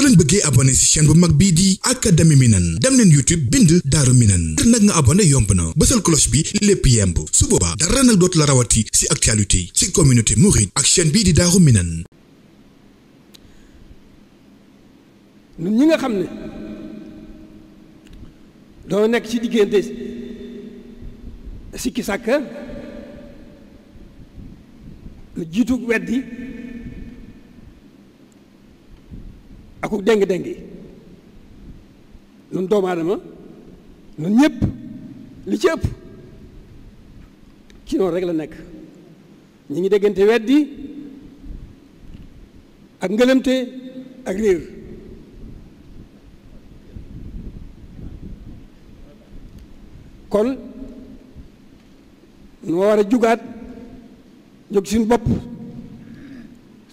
soo leen bëggee abonné ci chaîne bu mag bii di académie Minane dem leen YouTube bind Daaru Minane ngir nag nga abonné yomb na bësal cloche bi lépp yemb su boobaa dara nag dootu la rawati ci actualité ci communauté mouride ak chaîne bii di Daaru Minane ñun ñi nga xam ne doo nekk ci diggante sikki sàkka lu jiitu weddi aku déng-déng yi nun doomu aadama nun ñëpp li ci ëpp ci rek la nekk ñu ngi déggante weddi ak ngëlëmte ak réer kon nu war a jugaat jóg suñu bopp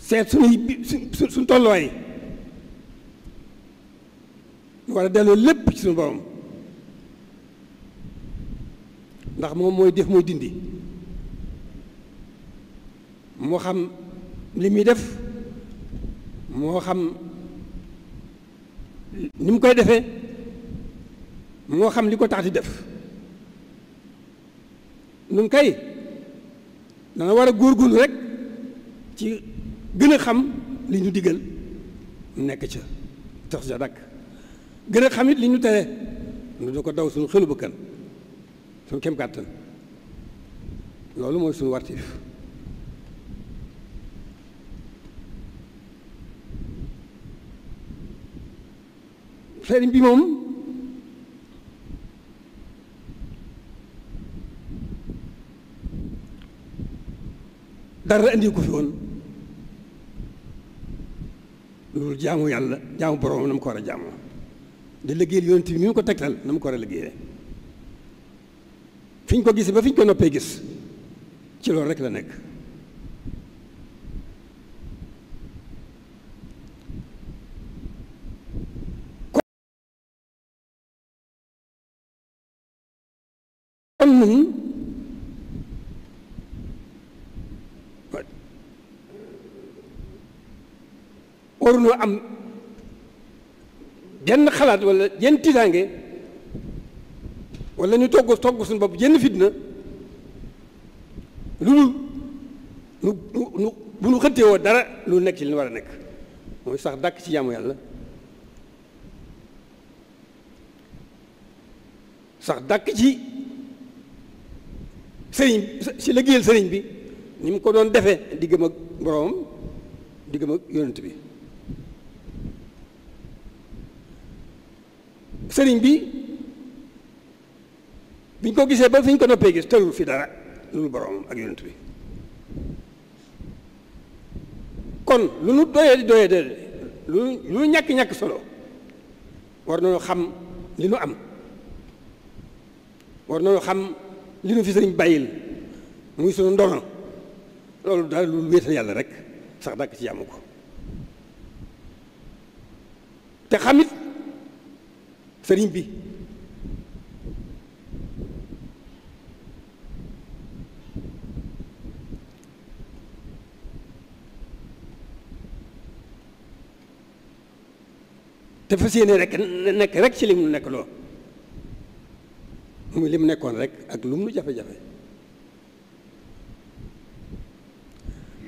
seet suñuy suñ suñ tolluwaay ñu war a delloo lépp ci suñu borom ndax moom mooy def mooy dindi moo xam li muy def moo xam ni mu koy defee moo xam li ko tax di def nun kay danga war a góor góorgóorlu rek ci gën a xam li ñu digal nekk ca tax ja dakk gën a xamit li ñu tere nu du ko daw suñu xelu bëkkan suñu kem kàttan loolu mooy suñu wartiif sëriñ bi moom dara indi ko fi woon loolu jaamu yàlla jaamu boroomam na mu ko war a jaamoo di liggéeyal yonent bi ni ko tegtal na mu ko war a fi ñu ko gisee ba fi ñu ko noppee gis ci loolu rek la nekk kon nun waru noo am jenn xalaat wala jenn tiitaange wala ñu togg togg suñu bopp jenn fitna lu nu nu bu nu xëttee woo dara lu nekk ci li war a nekk mooy sax dàkk ci jaamu yàlla sax dàkk ci sëriñ ci liggéeyal sëriñ bi ni mu ko doon defee diggam ak boroomam diggam ak yonent bi sëriñ bi biñ ko gisee ba fi ñu ko noppee gis tërul fi dara lu boroom ak yonent bi kon lu nu doyee di doyee de lu lu ñàkk ñàkk solo war nañu xam li nu am war nañu xam li nu fi sëriñ bàyyil ngi sunu ndono loolu daal lu wéetal yàlla rek sax dàkk ci yàmm ko te xamit sëriñ bi te fas yéene rek nekk rek ci li mu nekk loo muy li nekkoon rekk ak lu nu jafe-jafe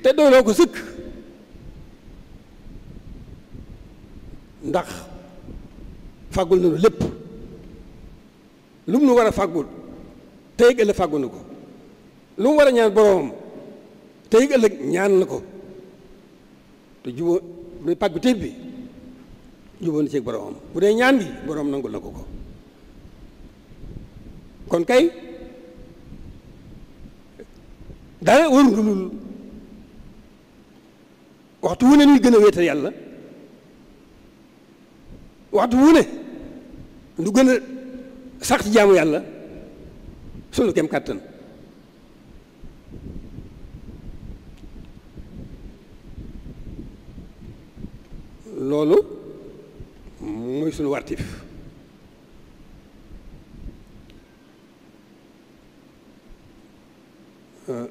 te doyloo ko sëkk ndax fàggul nañu lépp lu mu nu war a fàggul tey ëllëg fàggul ko lu mu war a ñaan boroomam tey ëllëg ñaan na ko te juboo muy pàgg bi tey bi juboo na ci boroomam bu dee ñaan bi boroom nangul na ko ko kon kay dara warul lu waxtu wu ne ñuy gën a wéetal yàlla waxtu wu ne nu gën a sax ci jaamu yàlla sunu kem loolu mooy sunu wartif euh,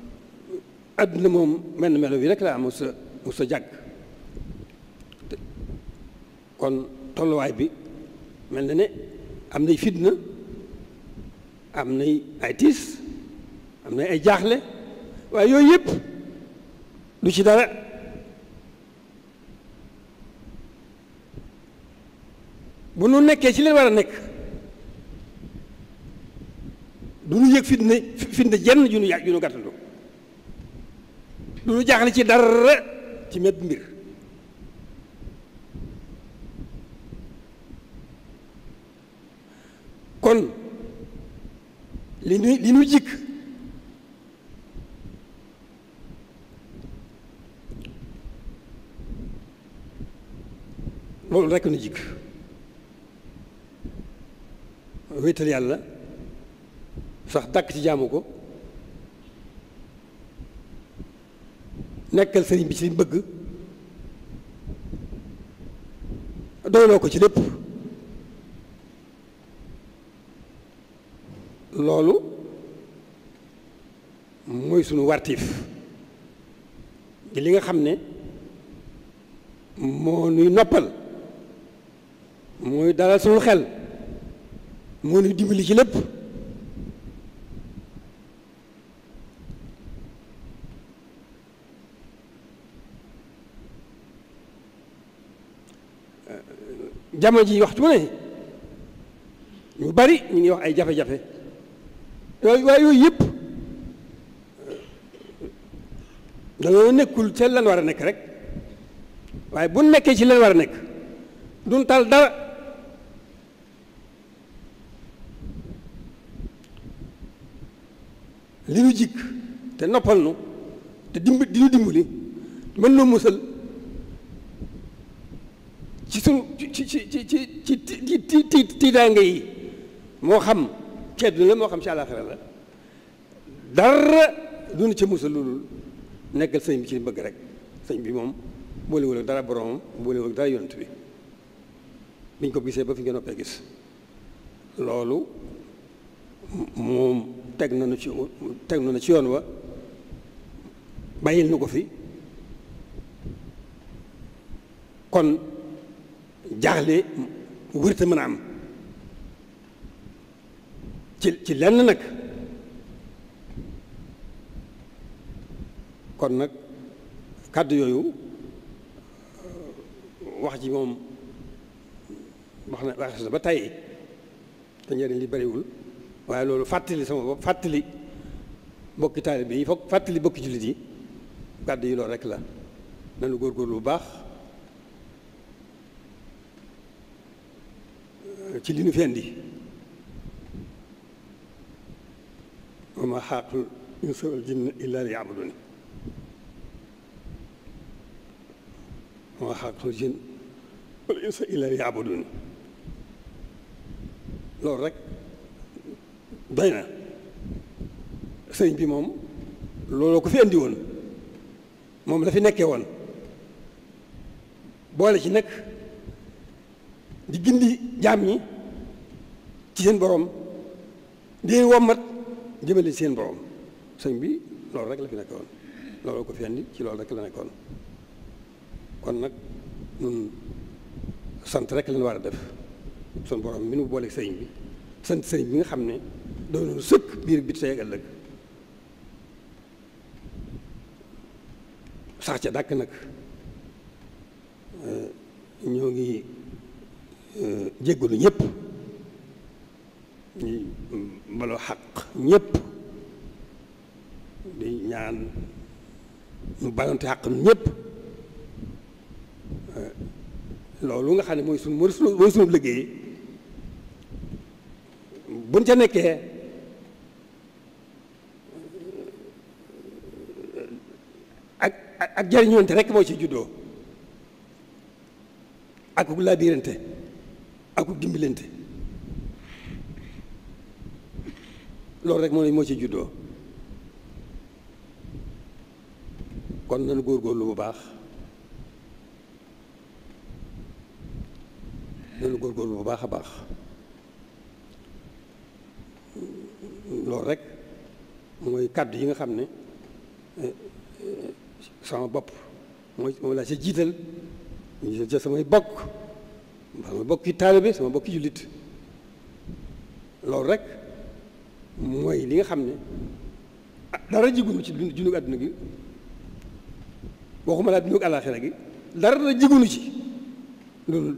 àdduna moom mel na melo bi rek la am sa mu sa jàgg kon tolluwaay bi mel na ne am na nay fitna am nay ay tiis am nay ay jaaxle waaye yooyu yëpp du ci dara bu nu nekkee ci leen war a nekk du nu yëg fitna fitna jenn ju nu ya ju nu gàttandu du nu jaaxle ci dara ci metti mbir kon li nu li nu jikk loolu rekk nu jikk wéetal yàlla sax dàkk ci jaamu ko nekkal sëriñ bi ci li bëgg doyloo ko ci lépp loolu mooy suñu wartiif di li nga xam ne moo nuy noppal mooy dalal sunu xel moo nuy dimbali ci lépp jamono ji waxtu ne ñu bari ñu ngi wax ay jafe-jafe yooyu waaye yooyu yëpp dañoo nekkul ceen lan war a nekk rek waaye bu nekkee ci lan war a nekk duñ tal dara li ñu jikk te noppal nu te dimb di ñu dimbali mën noo musal ci su ci ci ci ci ci tiitaange yi moo xam ci àdduna moo xam ci àllaaxira la dara duna ca musa loolu nekkal sëñ bi ci bëgg rek sëñ bi moom boolewul ak dara boromam boolewul ak dara yonent bi biñ ko gisee ba fi ngeen noppee gis loolu moom teg nañu ci teg ci yoon wa bàyyil na ko fi kon jaaxle wërta mën a am ci ci lenn nag kon nag kàddu yooyu euh, wax ji moom wax na wax na ba tey te njëriñ li bariwul waaye loolu fàttali sama bopp fàttali bokki taalibe yi foog fàttali bokki jullit yi kàddu yi loolu rek la nanu góorgóorlu bu baax euh, ci li nu fendi wa ma xalaqtul insa wal jinna illa li yabuduni wa ma xalaqtul jinn wal insa illa li yabuduni loolu rek doy na sëñ bi moom looloo ko fi andi woon moom la fi nekkee woon boole ci nag di gindi jaam ñi ci seen boroom di wommat jëmalee seen borom sëñ bi loolu rek la fi nekkoon loolu ko fi ci loolu rek la nekkoon kon nag ñun sant rek lañ war a def suñu borom mi nu sëñ bi sant sëñ bi nga xam ne doon sëkk biir bi tey ak ëllëg sax ca dàkk nag eh, ñoo ngi eh, jéggalu ñëpp. balu xaq ñëpp di ñaan ñu balonte xaqam ñëpp eh, loolu nga xam ne mooy sunu mooy sunu mooy sunu liggéey buñ ca nekkee ak ak jariñoonte rekk moo ci juddoo ak ku laabirante ak ku dimbilante loolu rek moo lañ moo ci juddoo kon nañu góorgóorlu bu baax nañu góorgóorlu bu baax a baax loolu rek mooy kàddu yi nga xam ne eh, sama bopp mooy moom laa sa jiital ñu jiital ca samay bokk sama bokki taalibe sama bokki jullit loolu rek mooy li nga xam ne dara jigunu ci dundug àdduna gi waxuma laa dundug àllaaxira gi dara jigunu ci loolu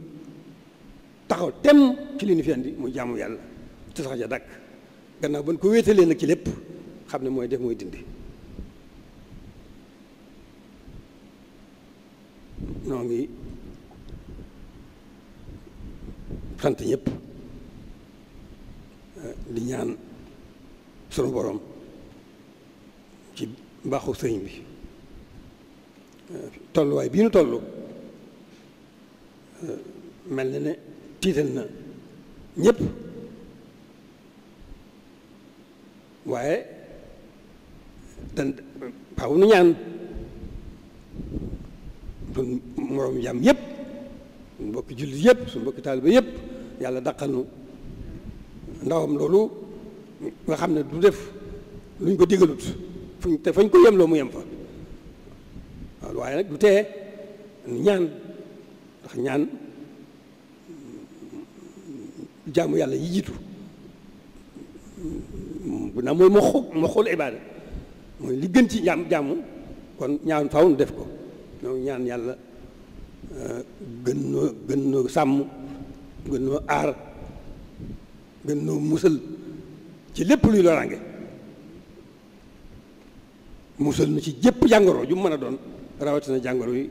taxaw tem ci li ñu fi andi muy jaamu yàlla te sax ja dàkk gannaaw ba ñu ko wéetalee nag ci lépp xam ne mooy def mooy dindi noo ngi sant ñëpp di ñaan sunu boroom ci mbaaxu sëriñ bi tolluwaay bii nu toll mel na ne tiital na ñëpp waaye dan faaw nu ñaan suñ moroom jàmm yëpp suñ mbokki jullit yëpp suñ mbokki taaliba yëpp yàlla daqal nu ndawam loolu nga xam ne du def luñ ko digalut fuñ te fañ ko yemloo mu yem fa waaw waaye nag du tee ñaan ndax ñaan jàmm yàlla yi jiitu bu naa mooy moxu moxul ibaada mooy li gën ci jàmm jàmm kon ñaan faw nu def ko ñoo ñaan yàlla eh, gën noo gën noo sàmm gën noo aar gën noo musal ci lépp luy loraange musal nu ci jëpp jàngoro ju mën a doon rawatina jàngoro yi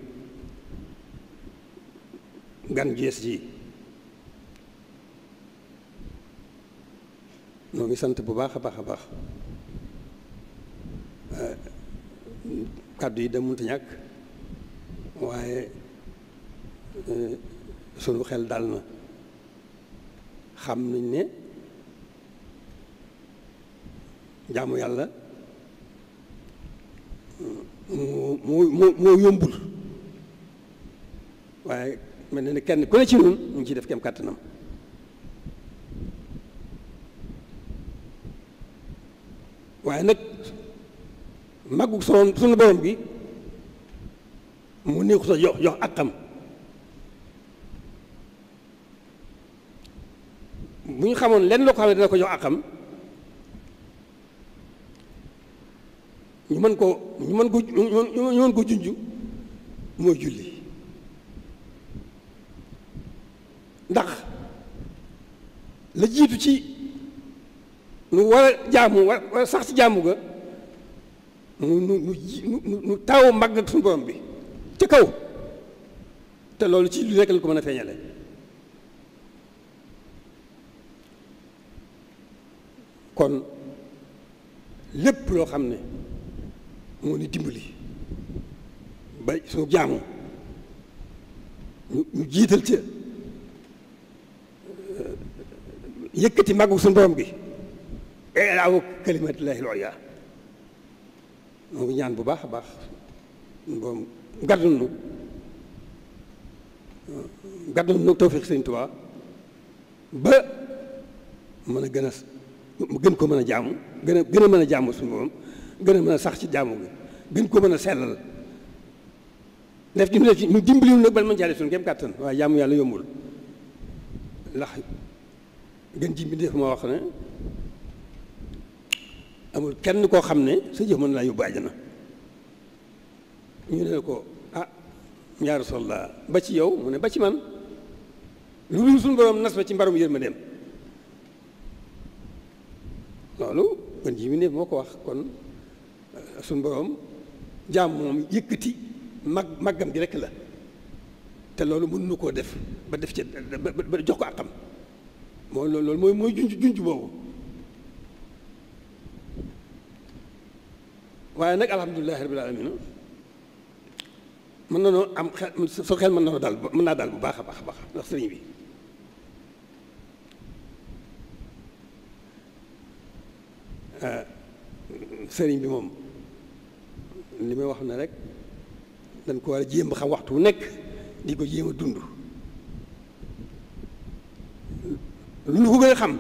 gan jees ji noo ngi sant bu baax a baax baax eh, kàddu yi da munta ñàkk waaye eh, sunu xel dal na xam nañ ne jaamu yàlla moo moo moo yombul waaye mel na ne kenn ku ne ci ñun ñu ngi ciy def kem kàttanam waaye nag màggu son sunu borom bi mu néexu sa jox jox ak xam bu ñu xamoon lenn loo ko xam ne dana ko jox ak xam ñu mën ko ñu mën ko ñu mën ko junj mooy julli ndax la jiitu ci nu war a jaamu war sax ci jaamu ga nu nu nu nu taawu màgg ak bi ca kaw te loolu ci lu rekk la ko mën a feeñale kon lépp loo xam ne moo ni dimbali ba sunu jaamu ñu jiital ca euh, yëkkati màggu sunu borom gi eelaawu kalimatillahi loya moo ngi ñaan bu baax a baax borom gàddul nu euh, gàddul nu tawfiq sëñ Tuubaa ba mën a gën a gën ko mën a jaamu gën a gën a mën a jaamu suñu borom gën a mën a sax ci jaamu gi gën koo mën a sellal def ci mu def ci mu dimbaliwul nag ban mën caa def suñu kéem kàttan waaye jaamu yàlla yombul ndax gën ji bi def moo wax kenn koo xam ne sa jëf mën laa yóbbu ko ah yaa Rasulallah ba ci yow mu ne ci man lu dul suñu borom ci mbarum yërmandeem loolu gën ji bi def moo ko wax kon suñu borom jaam moom yëkkati mag màggam gi rekk la te loolu mën nu koo def ba def ci ba jox ko àqam moo loolu mooy mooy junj junj boobu waaye nag alhamdulilahi rabbil alamin mën na noo am xel soo xel mën na noo daal mën naa daal bu baax a baax a baax ndax sëriñ bi ah, sëriñ bi moom li may wax ne rek dañ ko war a jéem ba xam waxtu wu nekk di ko jéem a dund lu ñu ko gën a xam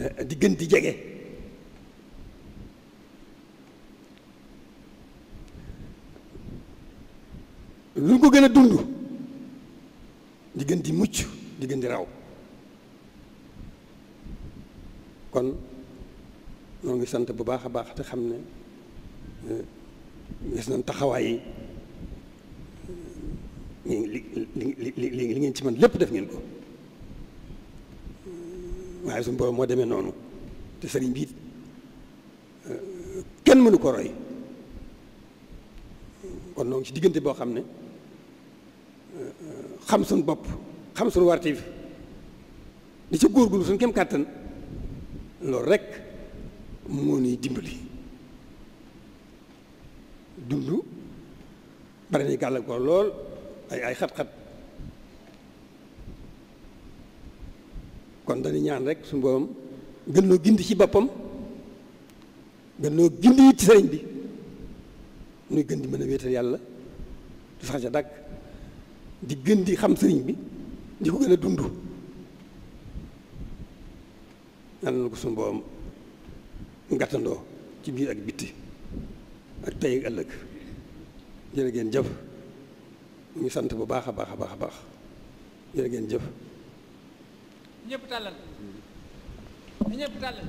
eh, di gën di jege lu ñu ko gën a dund di gën di mucc di gën di raw kon ñoo ngi sant bu baax a baax te xam ne gis nañ taxawaay yi li li li ngeen ci man lépp def ngeen ko waaye suñu boobu moo demee noonu te sëriñ bi kenn mënu ko roy kon noo ci diggante boo xam ne xam suñu bopp xam suñu wartif di ci góorgóorlu suñu kem kàttan loolu rek. moo ñuy dimbali dund bari nañu gàllankoor lool ay ay xat-xat kon dañu ñaan rek su borom gën noo gindi ci boppam gën noo gindi ci sëriñ bi nuy gën di mën a wéetal yàlla du sax ca dàkk di gën di xam sëriñ bi di ko gën a dund yàlla na ko su mboom gàttandoo ci biir ak bitti ak tey ak ëllëg jërë geen jëf ñu sant bu baax a baax a baax a baax jërë ngeen jëf ñëpp tàllal ñëpp tàllal